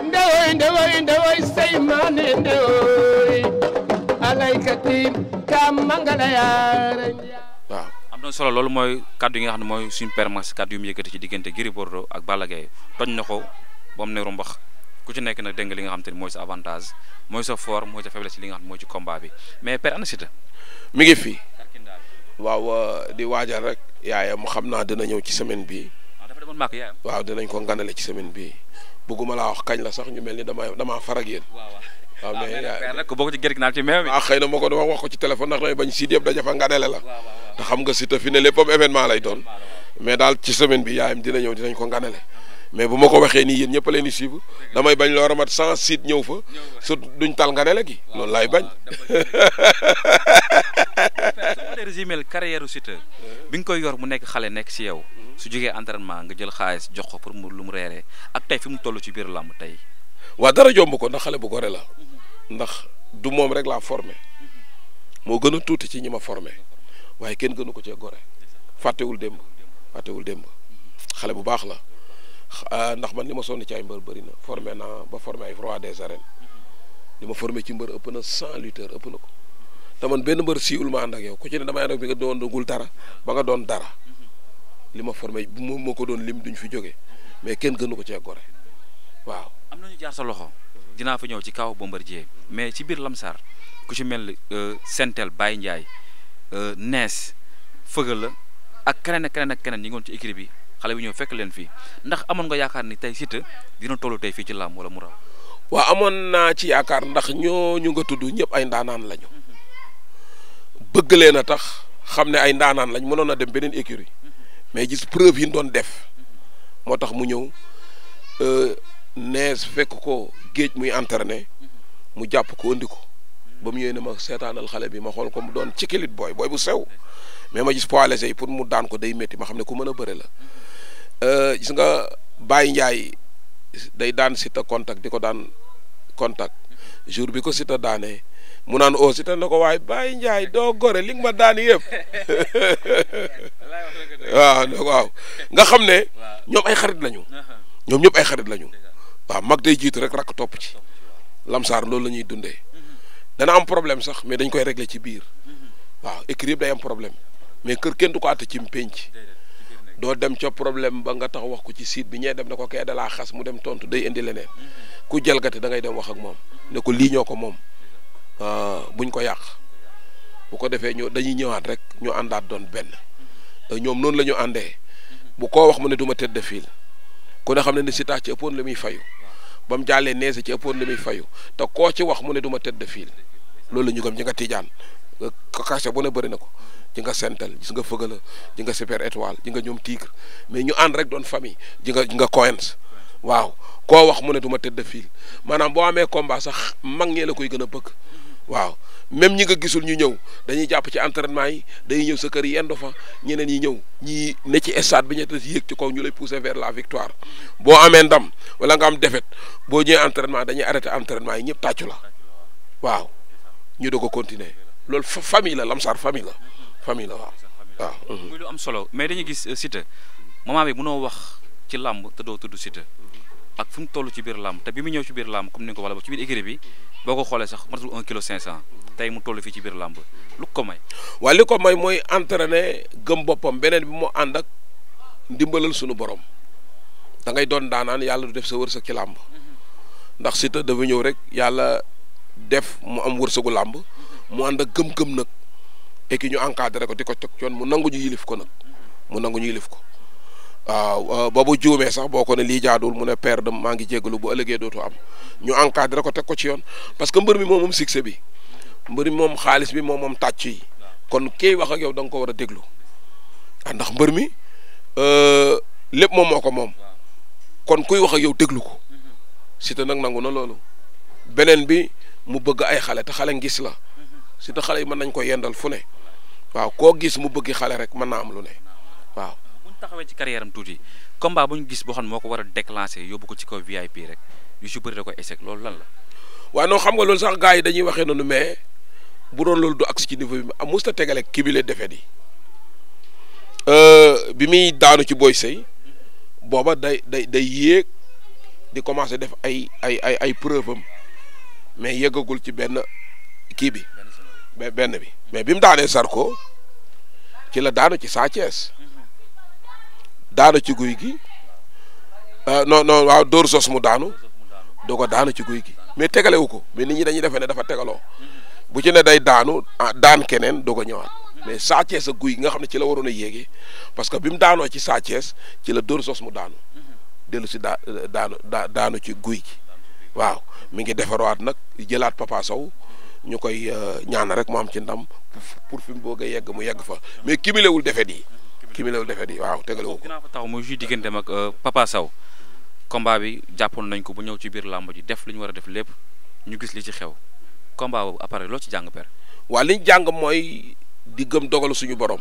ndewoy alaykati mangala am solo kaddu yi nga suñu kaddu ci ak ku ci nekk li nga sa avantage sa sa faiblesse li nga ci combat bi mais mi ngi waaw euh, di rek yaayam dina ci semaine bi ah, waaw dinañ ko ci semaine bi bëgguma laa wax kañ la sax ñu mel ni dama damaa far ak yéen. waaw ah, mais nag bokk ci gerte ah, xëy na moo ko dama wax ko ci téléphone ndax bañ Sidi yëpp daja fa ngadele xam nga si te fi ne léppam événement lay doon. mais daal ci semaine bi yaayam dina ñëw dinañ ko ngadele. mais bu ma ko waxee ni yéen ñëpp a leen di damay bañ loo ramat sans site ñëw fa su duñ tal ngadele gi. loolu laay bañ. su ma dee résumé carrière Siteu bi nga koy yor mu nekk xale nekk si yow su jógee entraînement nga jël xaalis jox ko pour mu lu mu reeree ak tey fi mu toll ci biir làmb tey waaw dara jomb ko ndax xale bu gore la ndax du moom rek laa formé moo gën a tuuti ci ñi ma formé waaye kenn gënu ko cee gore fàttewul démb fàttewul démb xale bu baax la ah, ndax man li ma sonni ci ay mbër bëri na formé naa ba formé ay roi des arènes li ma forme ci mbër ëpp na cent lutteurs ëpp na ko taman ben benn siul ma andak yow ku ci ne damay andak bi nga dara ba nga don dara lima formé bu ma lim duñ fi joggé mais kenn gënu ko ci gore waaw. amna ñu jaar sa loxo. dina fa ñew ci kaw Bombardier mais ci bir Lamsar ku ci mel euh, Sentel Baye ndjay euh ness la ak keneen ak keneen ak keneen ñi ngon ci écrit bi xalé bi ñew fekk leen fi ndax amon nga yaakar ni tay site dina tollu tay fi ci lam wala mu raw. ci yaakar ndax ñu nga tuddu ñep ay lañu. bëgg leen a tax xam ne ay ndaanaan lañ mënoon a dem beneen écurie mais gis preuve yi ñu doon def moo tax mu ñëw euh, nees fekk ko géej muy entraîné mu jàpp ko andi ko ba mu ñëwee ne ma seetaanal xale bi ma xool ko mu doon ci kilit booy booy bu sew mais ma gis poids léger yi pour mu daan ko day métti ma xam ne ku mën a bëre la euh, gis nga bàyyi Ndiaye day daan Siteu contact di ko daan contact jour bi ko Siteu daanee mu naan oo oh, Siteu na ko waaye Baye Ndiaye doo gore li nga ma daani yëpp waaw nga xam ne ñoom ay xarit lañu ñoom ñëpp ay xarit lañu waaw mag day jiitu rek rakk topp ci lamsaar loolu la ñuy dundee mhm. dana am problème sax mais dañ koy régler ci biir mhm. waaw écrit yëpp day am problème mais kër kenn du ko àtte ci pénc doo dem ca problème ba nga tax wax ko ci site bi ñee dem na ko kee dalaa xas mu dem tontu day indi leneen ku jalgati da dem wax ak moom ne ko lii ñoo ko moom ah, buñ ko yàq bu ko defee ñu dañuy ñëwaat rek ñu àndaat doon benn eh, ñoom noonu la ñu àndee bu koo wax mu ne du ma tëdd fiil ko ne xam ne ne si tax ci ëppoon la muy fayu ba mu jàllee neese ci ëppoon la muy fayu te koo ci wax mu ne du ma tëdd fiil loolu la ñu gëm ñi nga tiijaan occasion bu ne bëri na ko ji nga sentel gis nga fëgala ji nga super étoile ji nga ñoom tigre mais ñu ànd rek doon famille ji nga ji nga coins waaw koo wax mu ne du ma tëdd fiil maanaam boo amee combat sax mag ñee la koy gën a bëgg waaw même ñi nga gisul ñu ñëw dañuy jàpp ci entraînement yi dañuy ñëw sa kër yi yendu fa ñeneen ñi ñëw ñi ne ci stade bi ñu des ci kaw ñu lay pousser vers la victoire boo amee ndam wala nga am boo ñëwee entraînement dañuy arrêté entraînement yi ñëpp tàccu la a continuer lol famille la lamsar famille la famille la waaw mhm. muy lu am solo mais dañuy gis euh, Siteu moment bi mëno wax ci lamb te do tuddu Siteu ak fu mu ci bir lamb te bi mu ñew ci bir lamb comme ni nga ko wala ci bir écurie bi boko xolé sax matul 1 kilo 500 tay mu tollu fi ci bir lamb lu ko may wa li ko may moy entraîner gëm bopam benen bi mo and ak dimbalal suñu borom da ngay don daanaan yalla du def sa wërse ci lamb mhm. ndax da dafa ñew rek yalla def mu am wërsëgu làmb mu anda ak gëm-gëm nak et ki ñu encadrer ko diko tok yon mu nangu ñu yilif ko nak mu nangu ñu yilif ko waaw euh, ba bu juumee sax boko ne mu ne père de maangi jéglu bu ëlëgé dootu am ñu encadrer ko tek ko ci yon parce que siksebi, mi moom moom succès bi mbeur mi mom xaaliss bi moom moom yi kon kiy wax ak yow da ko wara déglu ah, ndax mbeur mi euh lepp mom moko mom kon kuy wax ak yow déglu ko si te nag nangu na bi mu bëgg ay xalé té xalé ngiss la. si surtout xale yi mën nañ ko yendal fu ne waaw koo gis mu bëgg xale rek mën naa am lu ne waaw. bu ñu taxawee ci carrière tuuti combat bu ñu gis boo xam ne moo ko war a déclencher yóbbu ko ci kaw VIP rek yu si bëri ko échec loolu lan la. waaw non xam nga loolu sax gars yi dañuy waxee noonu mais bu doon loolu du agsi ci niveau bi ah, mosut a tegale kii bi la defee euh, muy daanu ci Boy Sey booba day day day yéeg di commencer def ay ay ay ay preuve am mais yëggagul ci benn kii bi. mais benn bi mais bi mu daanee Zarko ci la daanu ci Sa Thiès daanu ci guy gi euh, non no waaw door sos mu daanu doo ko daanu ci guy gi mais tegalewu ko mais ni ñi dañuy defee ne dafa tegaloo bu ci ne day daanu ah, daan keneen doo ko ñëwaat mais Sa Thiès ak guy gi nga xam ne ci la waroon a yéegee parce que bi mu daanoo ci Sa ci la Dóor sos mu daanu dellu si daa daanu daanu ci guy gi waaw mi ngi defarwaat nag jëlaat Papa Sow. ñu koy euh, ñaan rek mu am ci ndam pour fi mu bëgg a yegg mu yegg fa mais cumulewul defet yi cumulewul defet yi waaw tegalewu ko dinaa fa taxaw muy ju digganteem ak euh, Papa saw combat bi jàppoon nañ ko bu ñëw ci biir làmb ji def li ñu war a def lépp ñu gis li ci xew combat boobu appareil loo ci jàng per waa li ñu jàng mooy di gëm dogal suñu borom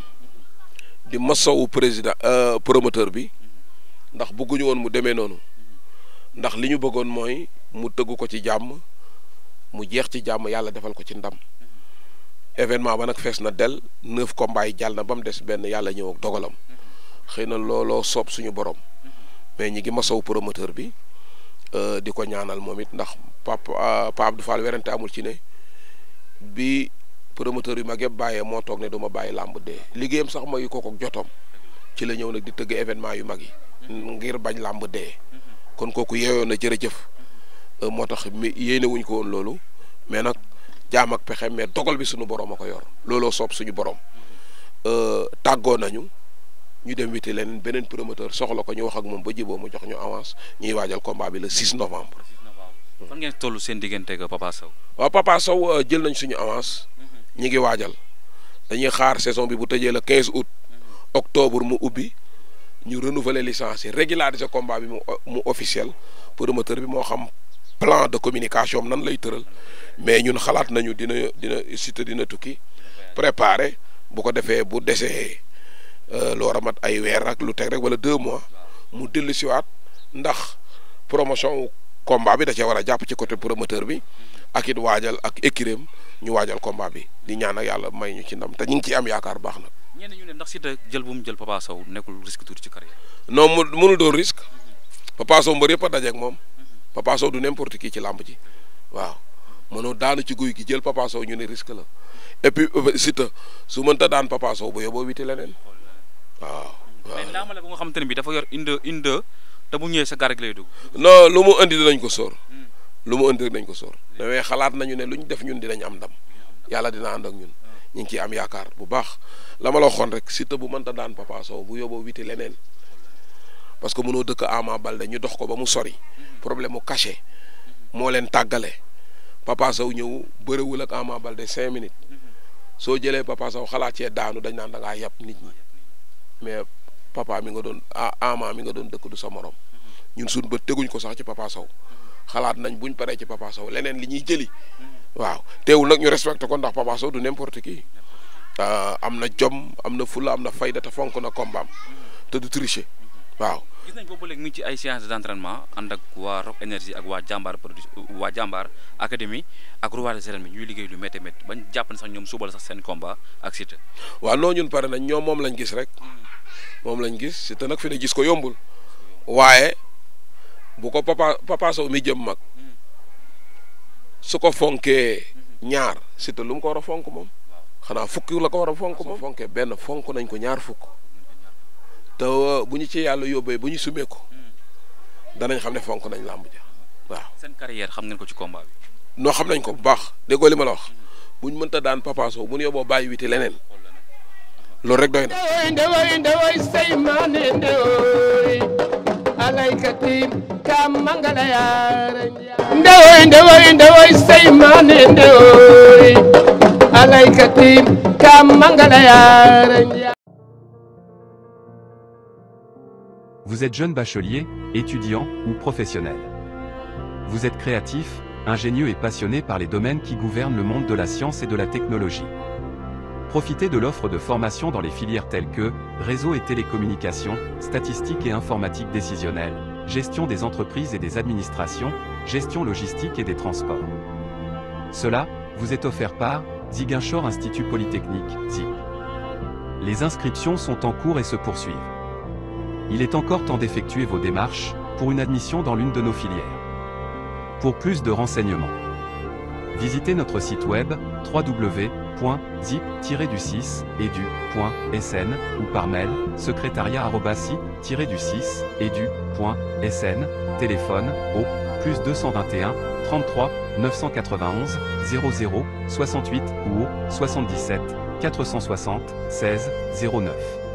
di masawu président euh, promoteur bi ndax bëgguñu woon mu demee noonu ndax li ñu bëggoon mooy mu tëggu ko ci jàmm mu jeex ci jàmm yàlla defal ko ci ndam événement ba nag fees na del neuf combats yi jàll na ba mu des benn yàlla ñëw ak dogalam xëy na looloo soob suñu borom mais ñi ngi ma masaw promoteur bi euh, di ko ñaanal moom it ndax papa euh, Pape Abdou Fall werante amul ci ne bi promoteur yu mag yëpp bàyyee moo toog ne du ma bàyyi làmb dee liggéeyam sax mayu ko ko jotom ci la ñëw nag di tëgg événement yu mag yi ngir bañ làmb dee kon kooku yeewoon na jërëjëf Euh, motax yene wuñ ko won lolu mais nak jaam ak pexe mais dogal bi suñu borom a yor lolu soob suñu borom euh taggo nañu ñu dem witi leen benen promoteur soxla ko ñu wax ak mom ba jibo mu jox ñu avance ñuy wajal combat bi le 6 novembre. fan ngeen tollu seen digënté ak Papa saw wa Papa saw euh, jël nañ suñu avance. Mhm. ñi ngi wajal dañuy xaar saison bi bu tejé le 15 août. Mhm. octobre mu ubi ñu renouveler licence régulariser combat bi mu euh, officiel promoteur bi mo xam plan de communication nan lay tëral mais ñun xalaat nañu dina dina Siteu dina tukki préparé bu ko defee bu desee euh, loo ramat ay weer ak lu teg rek wala deux mois mu dellu siwaat ndax promotion combat bi da cee war a jàpp ci côté promoteur bi ak it waajal ak écurie ñu waajal combat bi di ñaan ak yàlla may ñu ci ndam te ñu ngi ciy am yaakaar baax na. ñenn ñu ne ndax Siteu jël bu mu jël Papa Sow nekkul risque tuuti ci carrière. non mu mënul doon risque Papa Sow mbër yëpp a dajeeg moom. Papa Sow du n'importe qui ci làmb ji waaw mënoo daanu ci guy gi jël Papa ñu ne risque la et puis euh, Siteu su mënta daan Papa bu ba yóbboo witi leneen waaw. mais làmb la bu xamante ne bi dafa yor inde inde te bu ñëwee sa garag lay dugg. lu mu indi dinañ ko soor hmm. lu mu indi dinañ ko soor mais xalaat nañu ne lu ñu def ñun dinañ am ndam yàlla dina ànd ak ñun. Hmm. ñu ngi ciy am yaakaar bu baax la ma la waxoon rek Siteu bu mënta daan Papa bu yóbboo witi leneen. parce que mënoo dëkk Ama Baldé ñu dox ko ba mu sori problème mu caché moo leen tàggale Papa Sow ñëw bëriwul ak Ama Baldé cinq minutes soo jëlee Papa Sow xalaat cee daanu dañ naan da yàpp nit ñi mais papa mi nga doon ah, Ama mi nga doon dëkk du sa morom ñun suñ ba teguñ ko sax ci Papa xalaat nañ buñ paree ci Papa leneen li ñuy jëli waaw teewul nag ñu respecté ko ndax Papa Sow du n'importe qui euh, am na jom am na fulla am na fayda te fonk na kombaam te du waaw gis nañ boobu léegi mi ngi ci ay séance d'entraînement ànd ak waa Rock Énergie ak waa jàmbaar produit waa jàmbaar académie ak Roi des Arènes bi ñuy liggéey lu métti métti bañ jàpp ne sax ñoom suba sax seen combat ak Siteu waaw noo ñun pare nañ ñoom moom lañ gis rek moom hmm. lañ gis Siteu nag fi ne gis ko yombul waaye bu ko papa papa Sow mi jëm mag hmm. su ko fonkee ñaar hmm. Siteu lu mu ko war a fonk moom xanaa fukk la ko war a fonk moom fonkee benn fonk nañ ko ñaar fukk te euh, bu ñu ci yàlla yóbbee bu ñu sumee ko danañ xam ne fonk nañ làmb ja waaw. seen carrière xam nañ ko ci combat bi. noo xam nañ ko bu baax déggoo li ma la wax bu ñu mënta daan Papa Sow bu ñu yóbboo bàyyi witi leneen loolu rek doy na. ndewoy ndewoy say maane ndewoy alaykati ka mangala yaare ndewoy say Vous êtes jeune bachelier, étudiant ou professionnel. Vous êtes créatif, ingénieux et passionné par les domaines qui gouvernent le monde de la science et de la technologie. Profitez de l'offre de formation dans les filières telles que réseau et télécommunications, statistiques et informatique décisionnelle, gestion des entreprises et des administrations, gestion logistique et des transports. Cela vous est offert par Ziguinchor Institut Polytechnique, ZIP. Les inscriptions sont en cours et se poursuivent il est encore temps d'effectuer vos démarches pour une admission dans l'une de nos filières. Pour plus de renseignements, visitez notre site web www.zip-du6edu.sn ou par mail secrétariat-du6edu.sn, téléphone au plus 221 33 991 00 68 ou au 77 460 16 09.